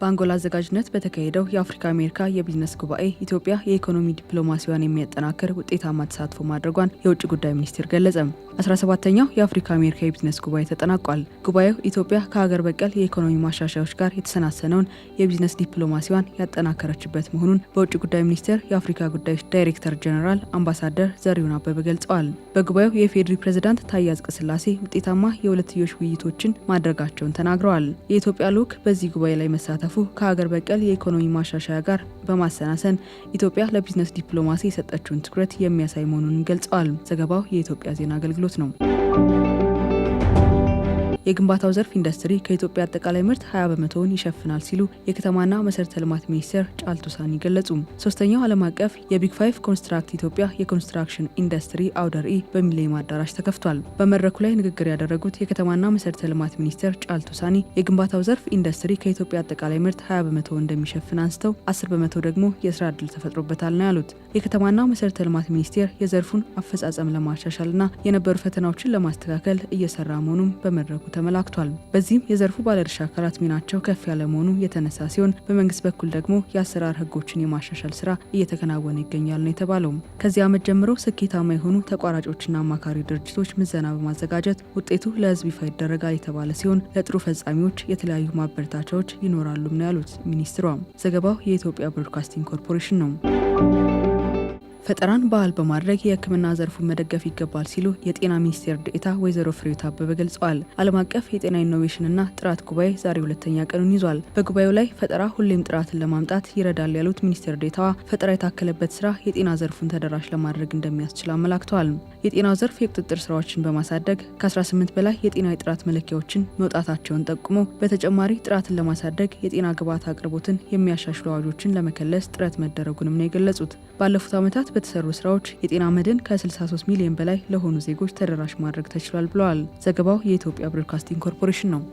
በአንጎላ አዘጋጅነት በተካሄደው የአፍሪካ አሜሪካ የቢዝነስ ጉባኤ ኢትዮጵያ የኢኮኖሚ ዲፕሎማሲዋን የሚያጠናክር ውጤታማ ተሳትፎ ማድረጓን የውጭ ጉዳይ ሚኒስቴር ገለጸ። 17ተኛው የአፍሪካ አሜሪካ የቢዝነስ ጉባኤ ተጠናቋል። ጉባኤው ኢትዮጵያ ከሀገር በቀል የኢኮኖሚ ማሻሻያዎች ጋር የተሰናሰነውን የቢዝነስ ዲፕሎማሲዋን ያጠናከረችበት መሆኑን በውጭ ጉዳይ ሚኒስቴር የአፍሪካ ጉዳዮች ዳይሬክተር ጀኔራል አምባሳደር ዘሪሁን አበበ ገልጸዋል። በጉባኤው የፌዴሪ ፕሬዝዳንት ታዬ አጽቀሥላሴ ውጤታማ የሁለትዮሽ ውይይቶችን ማድረጋቸውን ተናግረዋል። የኢትዮጵያ ልዑክ በዚህ ጉባኤ ላይ መሳተፍ ሲሳተፉ ከሀገር በቀል የኢኮኖሚ ማሻሻያ ጋር በማሰናሰን ኢትዮጵያ ለቢዝነስ ዲፕሎማሲ የሰጠችውን ትኩረት የሚያሳይ መሆኑን ገልጸዋል። ዘገባው የኢትዮጵያ ዜና አገልግሎት ነው። የግንባታው ዘርፍ ኢንዱስትሪ ከኢትዮጵያ አጠቃላይ ምርት 20 በመቶውን ይሸፍናል ሲሉ የከተማና መሰረተ ልማት ሚኒስቴር ጫልቱ ሳኒ ገለጹ። ሶስተኛው ዓለም አቀፍ የቢግ ፋይቭ ኮንስትራክት ኢትዮጵያ የኮንስትራክሽን ኢንዱስትሪ አውደ ርዕይ በሚሌኒየም አዳራሽ ተከፍቷል። በመድረኩ ላይ ንግግር ያደረጉት የከተማና መሰረተ ልማት ሚኒስቴር ጫልቱ ሳኒ የግንባታው ዘርፍ ኢንዱስትሪ ከኢትዮጵያ አጠቃላይ ምርት 20 በመቶ እንደሚሸፍን አንስተው 10 በመቶ ደግሞ የስራ ዕድል ተፈጥሮበታል ነው ያሉት። የከተማና መሰረተ ልማት ሚኒስቴር የዘርፉን አፈጻጸም ለማሻሻልና የነበሩ ፈተናዎችን ለማስተካከል እየሰራ መሆኑም በመድረኩ ተመላክቷል። በዚህም የዘርፉ ባለድርሻ አካላት ሚናቸው ከፍ ያለ መሆኑ የተነሳ ሲሆን በመንግስት በኩል ደግሞ የአሰራር ህጎችን የማሻሻል ስራ እየተከናወነ ይገኛል ነው የተባለው። ከዚህ ዓመት ጀምሮ ስኬታማ የሆኑ ተቋራጮችና አማካሪ ድርጅቶች ምዘና በማዘጋጀት ውጤቱ ለህዝብ ይፋ ይደረጋል የተባለ ሲሆን ለጥሩ ፈጻሚዎች የተለያዩ ማበረታቻዎች ይኖራሉም ነው ያሉት ሚኒስትሯ። ዘገባው የኢትዮጵያ ብሮድካስቲንግ ኮርፖሬሽን ነው። ፈጠራን ባህል በማድረግ የህክምና ዘርፉን መደገፍ ይገባል ሲሉ የጤና ሚኒስቴር ዴኤታ ወይዘሮ ፍሬሕይወት አበበ ገልጸዋል። ዓለም አቀፍ የጤና ኢኖቬሽንና ጥራት ጉባኤ ዛሬ ሁለተኛ ቀኑን ይዟል። በጉባኤው ላይ ፈጠራ ሁሌም ጥራትን ለማምጣት ይረዳል ያሉት ሚኒስቴር ዴኤታዋ ፈጠራ የታከለበት ስራ የጤና ዘርፉን ተደራሽ ለማድረግ እንደሚያስችል አመላክተዋል። የጤናው ዘርፍ የቁጥጥር ስራዎችን በማሳደግ ከ18 በላይ የጤና የጥራት መለኪያዎችን መውጣታቸውን ጠቁሞ በተጨማሪ ጥራትን ለማሳደግ የጤና ግብዓት አቅርቦትን የሚያሻሽሉ አዋጆችን ለመከለስ ጥረት መደረጉንም ነው የገለጹት። ባለፉት ዓመታት በተሰሩ ስራዎች የጤና መድን ከ63 ሚሊዮን በላይ ለሆኑ ዜጎች ተደራሽ ማድረግ ተችሏል ብለዋል። ዘገባው የኢትዮጵያ ብሮድካስቲንግ ኮርፖሬሽን ነው።